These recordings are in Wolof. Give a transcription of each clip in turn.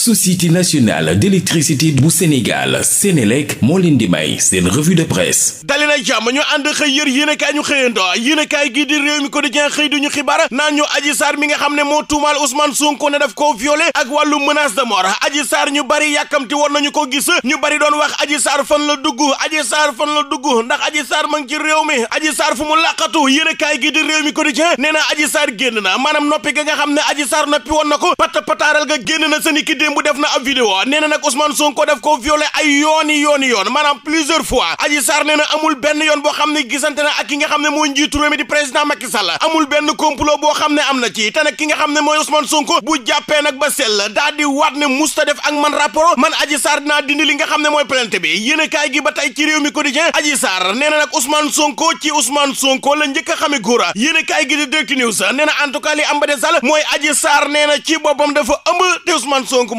société nationale d'électricité bu Sénégal Sénélec moo leen di may seen revue de presse dali jàmm ñu ànd xëy yër yéenekaay ñu xëyando yéenekaay gi di réew mi quotidien xëy duñu xibaar naan ñu Adji Sarr mi nga xam ne moo tuumaal Ousmane Sonko ne daf koo violé ak wàllu menace de mort Adji Sarr ñu bari yàkkamti woon nañu ko gis ñu bari doon wax Adji Sarr fan la dugg Adji Sarr fan la dugg ndax Adji Sarr ma ci réew mi Adji Sarr fu mu làqatu yéenekaay démb def na ab vidéo nee na nag Ousmane Sonko def ko violé ay yooni yooni yoon maanaam plusieurs fois Adji Sarr nee amul benn yoon boo xam ne gisante na ak ki nga xam ne mooy njiitu réew mi di président Macky Sall amul benn complot boo xam ne am na ci te nag ki nga xam ne mooy Ousmane Sonko bu jàppee nag ba sell daa waat ne musta def ak man rapport man Adji Sarr dinaa dindi li nga xam ne mooy plainte bi yéen a kaay gi ba tey ci mi quotidien la njëkk a xame góor gi di Direct News nee na en tout cas li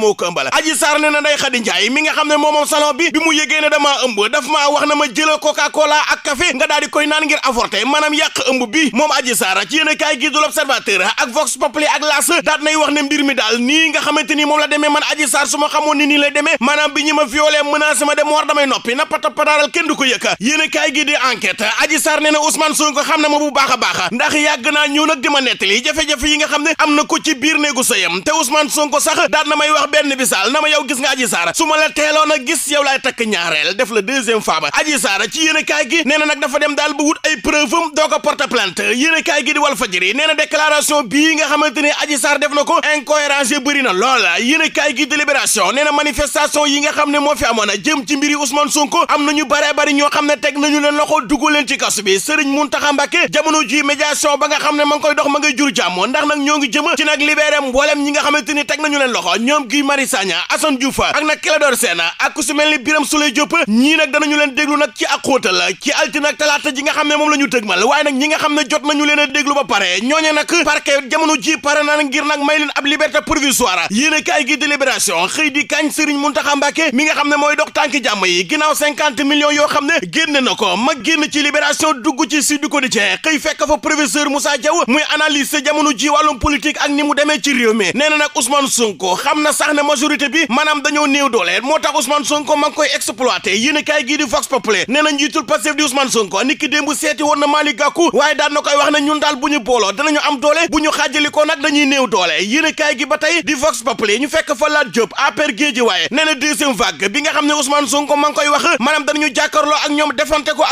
moo ko ëmbal aji saar ne na Ndeye Khady Ndiaye mi nga xam ne moomoom salon bi bi mu yëgee ne damaa ëmb daf wax na ma jëla coca cola ak café nga daal koy naan ngir avorté maanaam yàq ëmb bi moom aji saar ci yéen a kaay gi du ak vox populi ak laas daat nay wax ne mbir mi daal nii nga xamante ni moom la demee man aji saar su ma ni nii lay demee bi ñu ma violé menacé ma dem war damay noppi na pata pataaral kenn ko yëkka yéen a kaay gi di enquête aji saar ne na Ousmane Sonko xam na ma bu baax a baax ndax yàgg naa ñëw nag di ma nettali yi nga xam ne am na ko ci biir benn bisaal na ma yow gis nga aji saara su ma la teeloon a gis yow laay takk ñaareel def la deuxième faaba aji saara ci yéen kaay gi nee na nag dafa dem daal ba wut ay preuve am doo ko porte plainte yéen a kaay gi di wal fajiri nee na déclaration bii nga xamante ni aji saar def na ko incohérence bëri na loola yéen a kaay gi délibération nee na manifestation yi nga xam ne moo fi amoon a jëm ci mbiri Ousmane Sonko am nañu baree bari ñoo xam ne teg nañu leen loxo dugal leen ci kasu bi sëriñ Muntaxa Mbàkke jamono ji médiation ba nga xam ne ma ngi koy dox ma ngay jur jàmm ndax ñoo ngi jëm ci nag libéré mboolem ñi nga xamante ni teg nañu leen loxo ñoom Guy Marius Sagna Assane Diouf ak nag Clédor Sène ak ku si mel ni Birame Souleye Diop ñii nag danañu leen déglu nag ci ak xóotal ci altine talaata ji nga xam ne moom la ñu tëgmal waaye nag ñi nga xam ne jot nañu leen a déglu ba pare ñooñe nag parquet jamono ji pare na ngir nag may leen ab liberté provisoire yéen a kaay gi délibération xëy di kañ Serigne Mountakha Mbacké mi nga xam ne mooy dox tànk jàmm yi ginnaaw cinquante millions yoo xam ne génne na ko ma génn ci libération dugg ci Sud Quotidien xëy fekk fa ak ni mu demee ci réew mi nee na tax ne majorité bi maanaam dañoo néew doole moo tax Ousmane Sonko ma ngi koy exploité yéen a kaay di Vox Populi nee na njiitul Pastef di Ousmane Sonko niki démb seeti woon na Malick Gakou waaye daan wax ne ñun daal bu ñu booloo danañu am doole bu ñu xaajalikoo nag dañuy néew doole yéen a gi ba tey di Vox Populi ñu fekk fa Lat Diop APR géeji waaye nee na deuxième vague bi nga xam ne Ousmane Sonko ma ngi koy wax maanaam danañu jàkkaarloo ak ñoom defante ko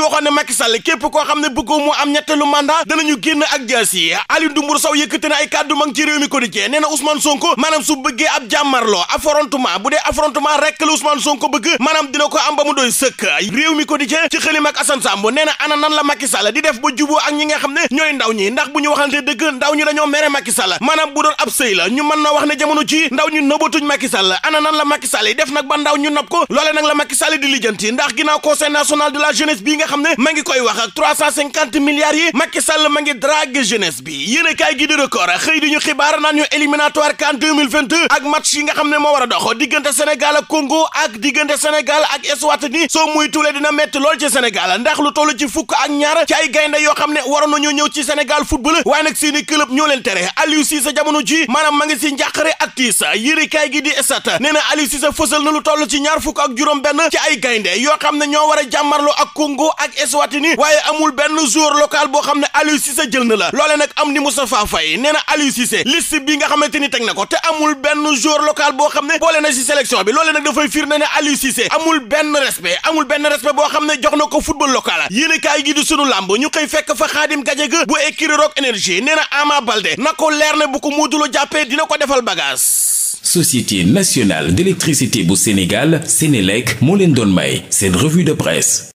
fi waxoon ne Macky Sall képp koo xam ne bëggoo mu am ñetteelu mandat danañu génn ak jaas yi Aliou Ndoumbourou Sow yëkkati na ay kàddu mag ci réew mi quotidien nee na Ousmane Sonko maanaam su bëggee ab jàmmarloo affrontement bu dee affrontement rek la Ousmane Sonko bëgg maanaam dina ko am ba mu doy sëkk réew mi quotidien ci xëlim ak Assane Sambo nee ana nan la Macky di def ba juboo ak ñi nga ne ñooy ndaw ñi ndax bu ñu waxante dëgg ndaw ñi dañoo mere Macky Sall maanaam xam ne ma ngi koy wax ak 350 milliards yi Macky Sall ma ngi drague jeunesse bi yéen a kaay gi di xëy di ñu xibaar naan ñu éliminatoire CAN 2022 ak match yi nga xam ne moo war a dox diggante Sénégal ak Congo ak diggante Sénégal ak Eswatini soo muy tuulee dina metti lool ci Sénégal ndax lu toll ci fukk ak ñaar ci ay gaynde yoo xam ne waroon nañoo ñëw ci Sénégal football waaye nag seeni club ñoo leen tere Aliou Cissé jamono ji maanaam ma ngi si njàqare ak tiis yéen a kaay gi di Stades nee lu toll ci ñaar fukk ak juróom benn ci ay gaynde yoo xam ne ñoo war a jàmmarloo ak Congo Ndakaaru ak Eswatini waaye amul benn joueur local boo xam ne Aliou Cissé jël na la loole nag am ni Moustapha Faye nee na Aliou Cissé liste bi nga xamante ni teg na ko te amul benn joueur local boo xam ne boole na ci sélection bi loole nag dafay firnde ne Aliou Cissé amul benn respect amul benn respect boo xam ne jox na ko football local yéen kaay gi di sunu làmb ñu koy fekk fa Khadim Gadiaga bu écurie Rock Énergie nee na Ama Baldé na ko leer ne bu ko Modou Lô jàppee dina ko defal bagage. Société nationale d'électricité bu Sénégal Sénélec moo leen doon may seen revue de presse